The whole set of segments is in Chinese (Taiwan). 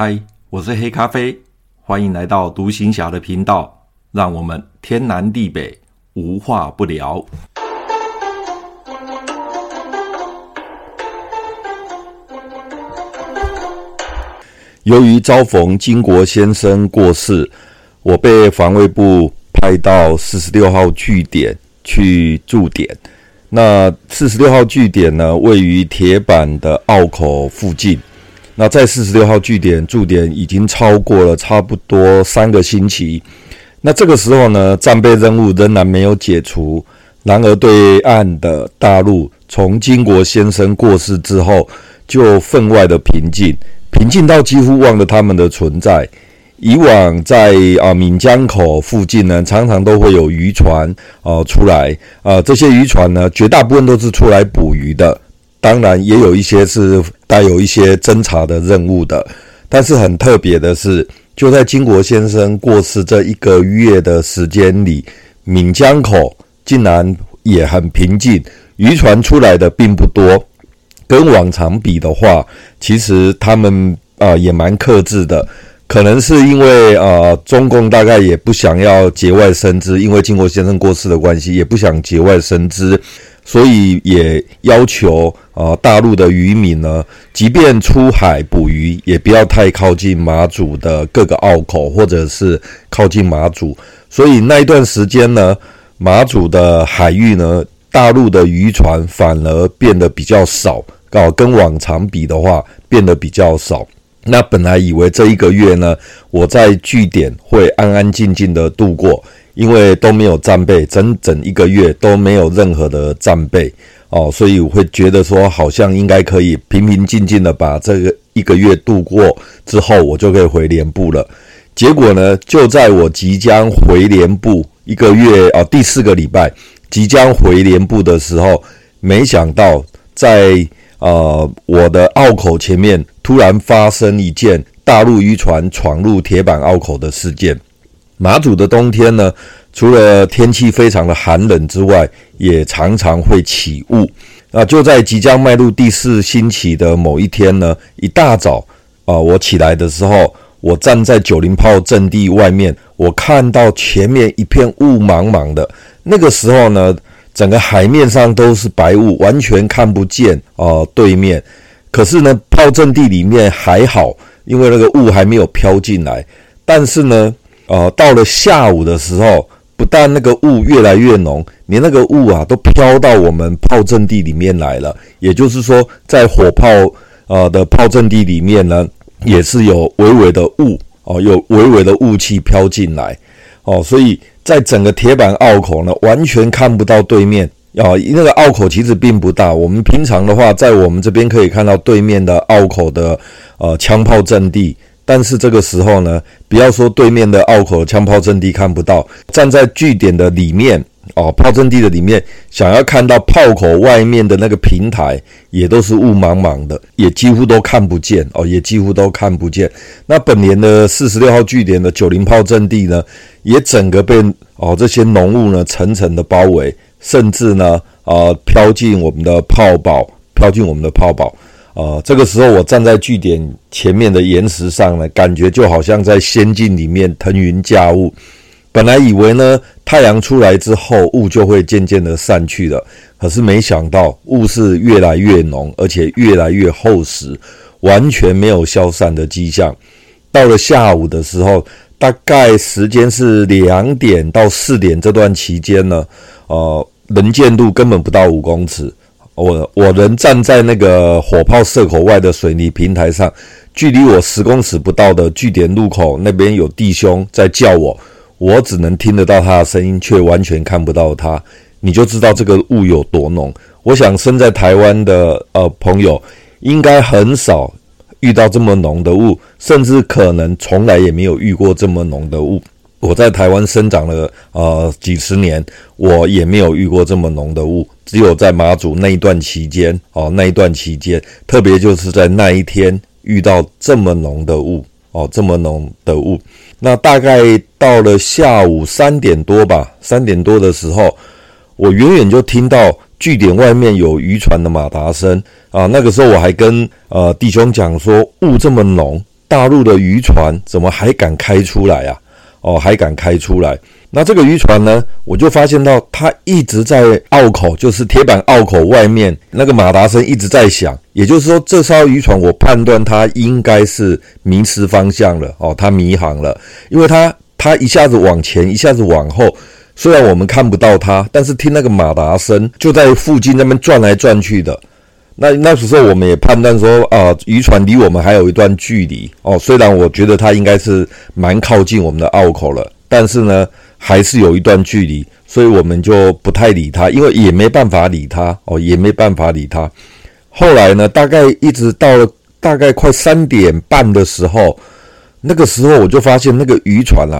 嗨，我是黑咖啡，歡迎來到讀行俠的頻道，讓我們天南地北無話不聊。由於遭逢經國先生過世，我被防衛部派到四十六號據點去駐點。那四十六號據點呢，位於鐵板的澳口附近。那在四十六號據點駐點已經超過了差不多三個星期，那這個時候呢，戰備任務仍然沒有解除。然而對岸的大陸從經國先生過世之後，就分外的平靜，平靜到幾乎忘了他們的存在。以往在啊、呃、閩江口附近呢，常常都會有漁船啊、呃、出來啊、呃，這些漁船呢，絕大部分都是出來捕魚的。當然也有一些是帶有一些偵查的任務的，但是很特別的是，就在經國先生過世這一個月的時間裡，閩江口竟然也很平靜，漁船出來的並不多。跟往常比的話，其實他們啊、呃、也蠻克制的，可能是因為啊、呃、中共大概也不想要節外生枝，因為經國先生過世的關係，也不想節外生枝。所以也要求啊，呃，大陸的漁民呢，即便出海捕魚，也不要太靠近馬祖的各個澳口，或者是靠近馬祖。所以那一段時間呢，馬祖的海域呢，大陸的漁船反而變得比較少，哦，跟往常比的話，變得比較少。那本來以為這一個月呢，我在據點會安安靜靜的度過。因為都沒有戰備，整整一個月都沒有任何的戰備哦，所以我會覺得說，好像應該可以平平靜靜的把這個一個月度過之後，我就可以回連部了。結果呢，就在我即將回連部一個月啊、哦、第四個禮拜即將回連部的時候，沒想到在呃我的沃口前面突然發生一件大陸漁船闖入鐵板沃口的事件。馬祖的冬天呢，除了天氣非常的寒冷之外，也常常會起霧。那就在即將邁入第四星期的某一天呢，一大早啊、呃，我起來的時候，我站在九零炮陣地外面，我看到前面一片霧茫茫的。那個時候呢，整個海面上都是白霧，完全看不見哦、呃、對面。可是呢，炮陣地裡面還好，因為那個霧還沒有飄進來。但是呢，呃，到了下午的時候。不但那個霧越來越濃，連那個霧啊都飄到我們炮陣地裡面來了。也就是說，在火炮呃的炮陣地裡面呢，也是有微微的霧哦、呃，有微微的霧氣飄進來哦、呃，所以在整個鐵板沃口呢，完全看不到對面啊、呃。那個沃口其實並不大，我們平常的話，在我們這邊可以看到對面的沃口的呃槍炮陣地。但是這個時候呢，不要說對面的沃口槍炮陣地看不到，站在據點的裡面哦，炮陣地的裡面，想要看到炮口外面的那個平台，也都是霧茫茫的，也幾乎都看不見哦，也幾乎都看不見。那本連的四十六號據點的九零炮陣地呢，也整個被哦這些濃霧呢層層的包圍，甚至呢啊飄進我們的炮堡，飄進我們的炮堡。呃，這個時候我站在據點前面的岩石上呢，感覺就好像在仙境裡面騰雲駕霧。本來以為呢，太陽出來之後霧就會漸漸的散去了，可是沒想到霧是越來越濃，而且越來越厚實，完全沒有消散的跡象。到了下午的時候，大概時間是兩點到四點這段期間呢，呃，能見度根本不到五公尺。我我人站在那個火炮射口外的水泥平台上，距離我十公尺不到的據點入口那邊有弟兄在叫我，我只能聽得到他的聲音，卻完全看不到他。你就知道這個霧有多濃。我想身在台灣的呃朋友應該很少遇到這麼濃的霧，甚至可能從來也沒有遇過這麼濃的霧。我在台灣生長了呃幾十年，我也沒有遇過這麼濃的霧。只有在馬祖那一段期間，哦，那一段期間，特別就是在那一天遇到這麼濃的霧，哦，這麼濃的霧。那大概到了下午三點多吧，三點多的時候，我遠遠就聽到據點外面有漁船的馬達聲啊。那個時候我還跟呃弟兄講說，霧這麼濃，大陸的漁船怎麼還敢開出來啊？哦，還敢開出來。那這個漁船呢，我就發現到它一直在沃口，就是鐵板沃口外面那個馬達聲一直在響。也就是說，這艘漁船我判斷它應該是迷失方向了哦，它迷航了，因為它它一下子往前，一下子往後。雖然我們看不到它，但是聽那個馬達聲，就在附近那邊轉來轉去的。那那時候我們也判斷說，啊、呃，漁船離我們還有一段距離哦。雖然我覺得它應該是蠻靠近我們的沃口了，但是呢，還是有一段距離，所以我們就不太理它，因為也沒辦法理它哦，也沒辦法理它。後來呢，大概一直到了大概快三點半的時候，那個時候我就發現那個漁船啊，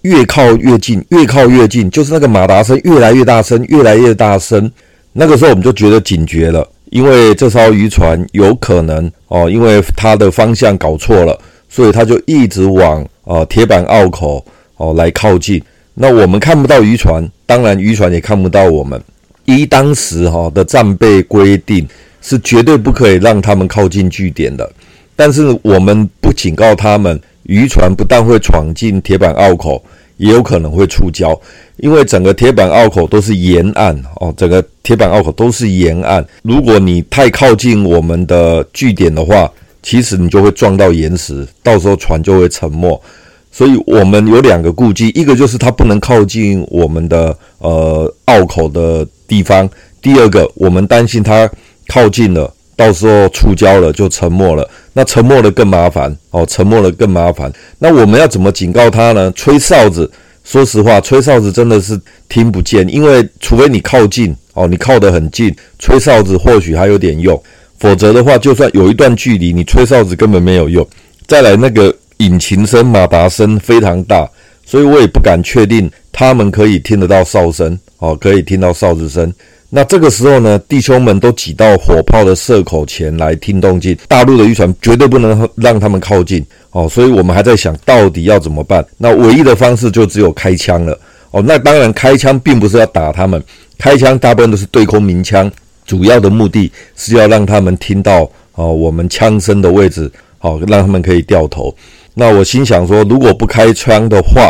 越靠越近，越靠越近，就是那個馬達聲越來越大聲，越來越大聲。那個時候我們就覺得警覺了。因為這艘漁船有可能哦，因為它的方向搞錯了，所以它就一直往哦鐵板沃口哦來靠近。那我們看不到漁船，當然漁船也看不到我們。依當時哈、哦、的戰備規定，是絕對不可以讓他們靠近據點的。但是我們不警告他們，漁船不但會闖進鐵板沃口。也有可能會觸礁，因為整個鐵板沃口都是沿岸哦，整個鐵板沃口都是沿岸。如果你太靠近我們的據點的話，其實你就會撞到岩石，到時候船就會沉沒。所以我們有兩個顧忌，一個就是它不能靠近我們的呃沃口的地方，第二個，我們擔心它靠近了。到時候觸礁了就沉沒了，那沉沒了更麻煩哦，沉沒了更麻煩。那我們要怎麼警告他呢？吹哨子，說實話，吹哨子真的是聽不見，因為除非你靠近哦，你靠得很近，吹哨子或許還有點用。否則的話，就算有一段距離，你吹哨子根本沒有用。再來那個引擎聲、馬達聲非常大，所以我也不敢確定他們可以聽得到哨聲哦，可以聽到哨子聲。那這個時候呢，弟兄們都擠到火炮的射口前來聽動靜。大陸的漁船絕對不能讓他們靠近哦，所以我們還在想到底要怎麼辦。那唯一的方式就只有開槍了哦。那當然開槍並不是要打他們，開槍大部分都是對空鳴槍，主要的目的是要讓他們聽到哦，我們槍聲的位置，好、哦、讓他們可以掉頭。那我心想說，如果不開槍的話，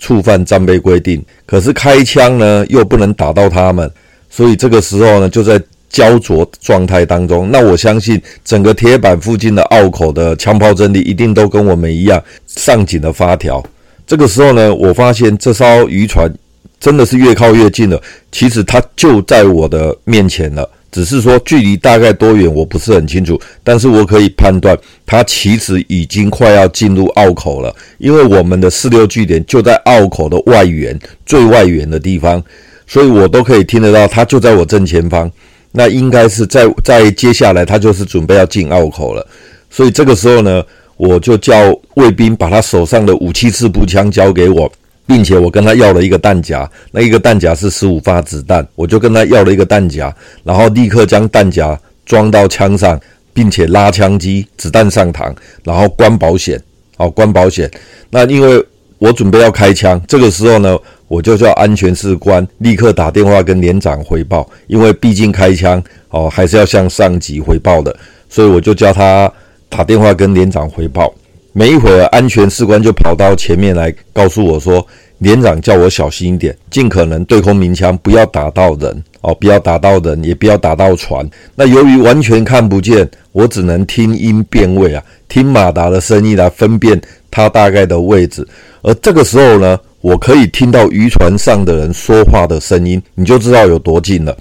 觸犯戰備規定；可是開槍呢，又不能打到他們。所以這個時候呢，就在焦灼狀態當中。那我相信，整個鐵板附近的沃口的槍炮陣地一定都跟我們一樣上緊了發條。這個時候呢，我發現這艘漁船真的是越靠越近了。其實它就在我的面前了，只是說距離大概多遠我不是很清楚，但是我可以判斷，它其實已經快要進入沃口了，因為我們的四六據點就在沃口的外緣，最外緣的地方。所以，我都可以聽得到，他就在我正前方。那應該是在在接下來，他就是準備要進沃口了。所以，這個時候呢，我就叫衛兵把他手上的五七式步槍交給我，並且我跟他要了一個彈夾。那一個彈夾是十五發子彈，我就跟他要了一個彈夾，然後立刻將彈夾裝到槍上，並且拉槍機，子彈上膛，然後關保險。好，關保險。那因為。我準備要開槍，這個時候呢，我就叫安全士官立刻打電話跟連長回報，因為畢竟開槍哦，還是要向上級回報的，所以我就叫他打電話跟連長回報。沒一會兒，安全士官就跑到前面來告訴我說。連長叫我小心一點，盡可能對空鳴槍，不要打到人哦，不要打到人，也不要打到船。那由於完全看不見，我只能聽音辨位啊，聽馬達的聲音來分辨它大概的位置。而這個時候呢，我可以聽到漁船上的人說話的聲音，你就知道有多近了。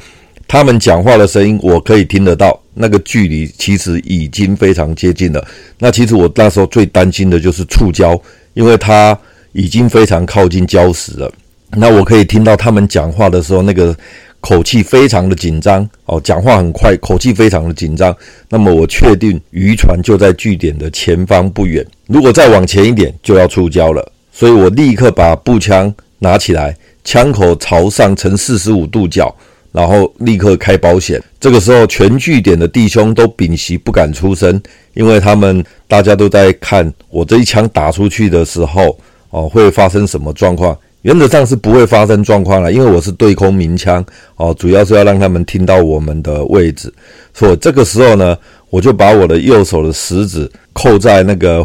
他們講話的聲音我可以聽得到，那個距離其實已經非常接近了。那其實我那時候最擔心的就是觸礁，因為他，已經非常靠近礁石了。那我可以聽到他們講話的時候，那個口氣非常的緊張哦，講話很快，口氣非常的緊張。那麼我確定漁船就在據點的前方不遠，如果再往前一點就要觸礁了。所以我立刻把步槍拿起來，槍口朝上，呈四十五度角，然後立刻開保險。這個時候，全據點的弟兄都屏息不敢出聲，因為他們大家都在看我這一槍打出去的時候。哦，會發生什麼狀況？原則上是不會發生狀況了，因為我是對空鳴槍。哦，主要是要讓他們聽到我們的位置。所以這個時候呢，我就把我的右手的食指扣在那個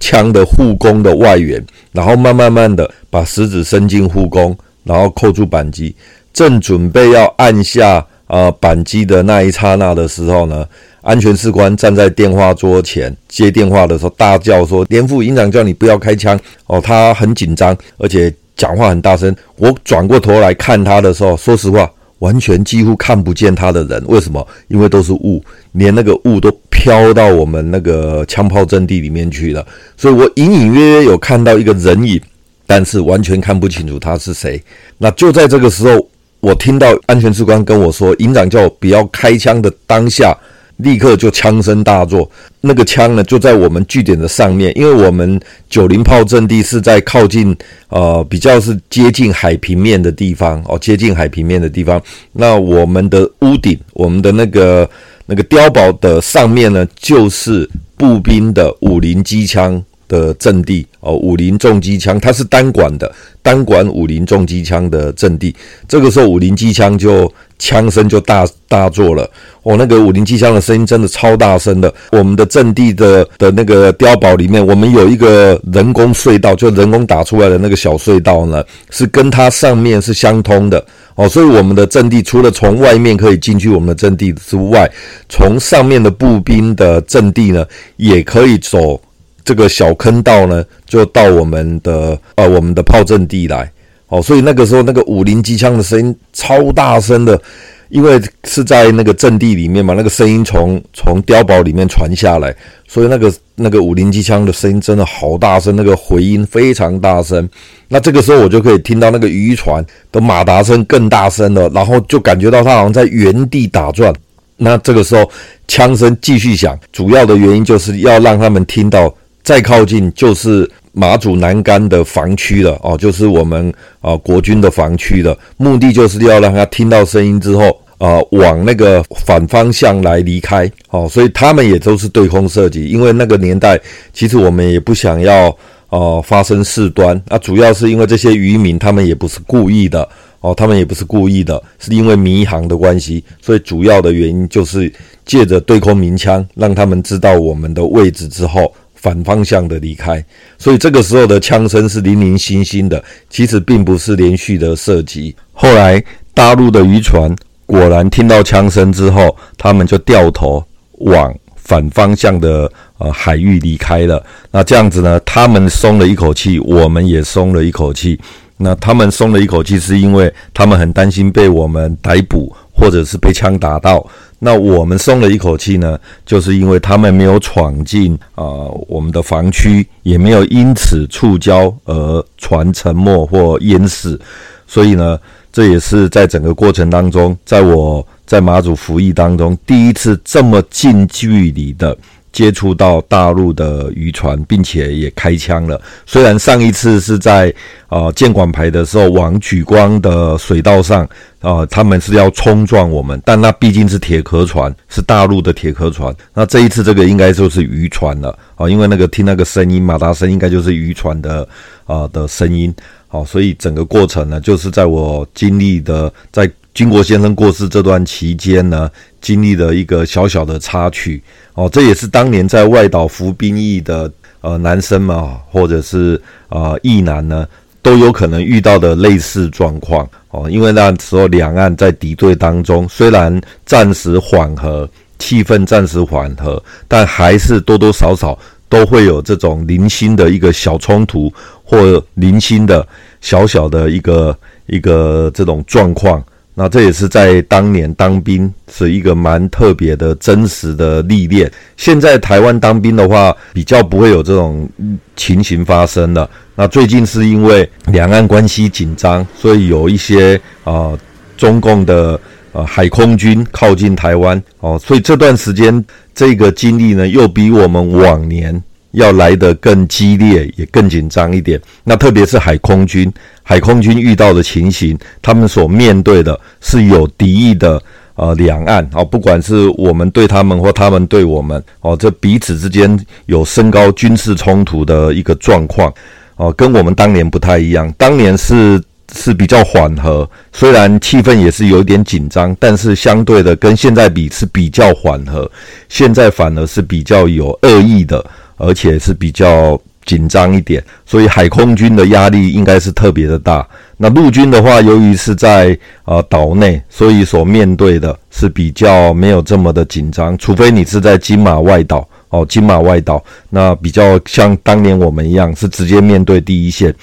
槍的護弓的外緣，然後慢慢慢慢的把食指伸進護弓，然後扣住扳機，正準備要按下。啊、呃！扳機的那一剎那的時候呢，安全士官站在電話桌前接電話的時候，大叫說：“連副營長叫你不要開槍！”哦，他很緊張，而且講話很大聲。我轉過頭來看他的時候，說實話，完全幾乎看不見他的人。為什麼？因為都是霧，連那個霧都飄到我們那個槍炮陣地裡面去了。所以我隱隱約約有看到一個人影，但是完全看不清楚他是誰。那就在這個時候。我聽到安全士官跟我說，營長叫我不要開槍的當下，立刻就槍聲大作。那個槍呢，就在我們據點的上面，因為我們九零炮陣地是在靠近呃比較是接近海平面的地方哦，接近海平面的地方。那我們的屋頂，我們的那個那個碉堡的上面呢，就是步兵的五零機槍的陣地哦，五零重機槍，它是單管的，單管五零重機槍的陣地。這個時候五零，五零機槍就槍聲就大大作了。哦，那個五零機槍的聲音真的超大聲的。我們的陣地的的那個碉堡裡面，我們有一個人工隧道，就人工打出來的那個小隧道呢，是跟它上面是相通的。哦，所以我們的陣地除了從外面可以進去我們的陣地之外，從上面的步兵的陣地呢，也可以走。這個小坑道呢，就到我們的呃，我們的炮陣地來，好，哦，所以那個時候那個五零機槍的聲音超大聲的，因為是在那個陣地裡面嘛，那個聲音從從碉堡裡面傳下來，所以那個那個五零機槍的聲音真的好大聲，那個回音非常大聲。那這個時候我就可以聽到那個漁船的馬達聲更大聲了，然後就感覺到它好像在原地打轉。那這個時候槍聲繼續響，主要的原因就是要讓他們聽到。再靠近就是馬祖南竿的防區了哦，就是我們啊、呃、國軍的防區了，目的就是要讓他聽到聲音之後啊、呃、往那個反方向來離開哦，所以他們也都是對空射擊，因為那個年代其實我們也不想要哦、呃、發生事端啊，主要是因為這些漁民他們也不是故意的哦，他們也不是故意的，是因為迷航的關係，所以主要的原因就是借着對空鳴槍讓他們知道我們的位置之後，反方向的離開，所以這個時候的槍聲是零零星星的，其實並不是連續的射擊。後來大陸的漁船果然聽到槍聲之後，他們就掉頭往反方向的呃海域離開了。那這樣子呢，他們鬆了一口氣，我們也鬆了一口氣。那他們鬆了一口氣是因為他們很擔心被我們逮捕。或者是被槍打到，那我們鬆了一口氣呢，就是因為他們沒有闖進啊、呃、我們的防區，也沒有因此觸礁而船沉沒或淹死，所以呢，這也是在整個過程當中，在我，在馬祖服役當中第一次這麼近距離的。接觸到大陸的漁船，並且也開槍了。雖然上一次是在呃建管排的時候，往莒光的水道上啊、呃，他們是要衝撞我們，但那畢竟是鐵殼船，是大陸的鐵殼船。那這一次這個應該就是漁船了啊、呃，因為那個聽那個聲音，馬達聲應該就是漁船的啊、呃、的聲音。好、呃，所以整個過程呢，就是在我經歷的在。經國先生過世這段期間呢，經歷了一個小小的插曲哦，這也是當年在外島服兵役的呃男生嘛，或者是呃役男呢，都有可能遇到的類似狀況哦。因為那時候兩岸在敵對當中，雖然暫時緩和，氣氛暫時緩和，但還是多多少少都會有這種零星的一個小衝突，或零星的小小的一個一個這種狀況。那這也是在當年當兵是一個蠻特別的真實的歷練。現在台灣當兵的話，比較不會有這種情形發生了。那最近是因為兩岸關係緊張，所以有一些啊、呃、中共的啊、呃、海空軍靠近台灣哦、呃，所以這段時間這個經歷呢，又比我們往年。要來得更激烈，也更緊張一點。那特別是海空軍，海空軍遇到的情形，他們所面對的是有敵意的呃兩岸，哦，不管是我們對他們或他們對我們哦，這彼此之間有升高軍事衝突的一個狀況哦，跟我們當年不太一樣。當年是是比較緩和，雖然氣氛也是有點緊張，但是相對的跟現在比是比較緩和。現在反而是比較有惡意的。而且是比較緊張一點，所以海空軍的壓力應該是特別的大。那陸軍的話，由於是在呃島內，所以所面對的是比較沒有這麼的緊張，除非你是在金馬外島哦，金馬外島，那比較像當年我們一樣，是直接面對第一線。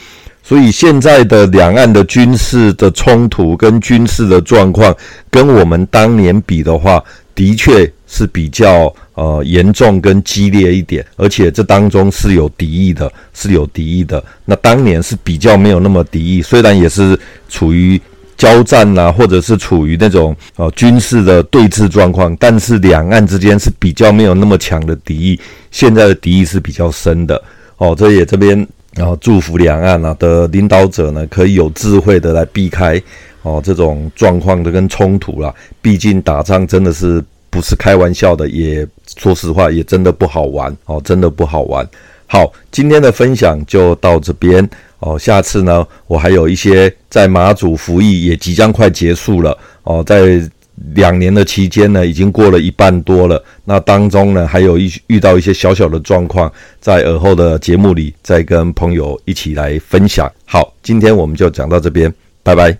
所以現在的兩岸的軍事的衝突跟軍事的狀況，跟我們當年比的話，的確，是比較呃嚴重跟激烈一點，而且這當中是有敵意的，是有敵意的。那當年是比較沒有那麼敵意，雖然也是處於交戰啊，或者是處於那種呃軍事的對峙狀況，但是兩岸之間是比較沒有那麼強的敵意。現在的敵意是比較深的哦，這也這邊然後祝福兩岸啊的領導者呢，可以有智慧的來避開哦，呃，這種狀況的跟衝突啦，啊，畢竟打仗真的是。不是開玩笑的，也說實話，也真的不好玩哦，真的不好玩。好，今天的分享就到這邊哦。下次呢，我還有一些在馬祖服役也即將快結束了哦，在兩年的期間呢，已經過了一半多了。那當中呢，還有一遇到一些小小的狀況，在爾後的節目裡再跟朋友一起來分享。好，今天我們就講到這邊，拜拜。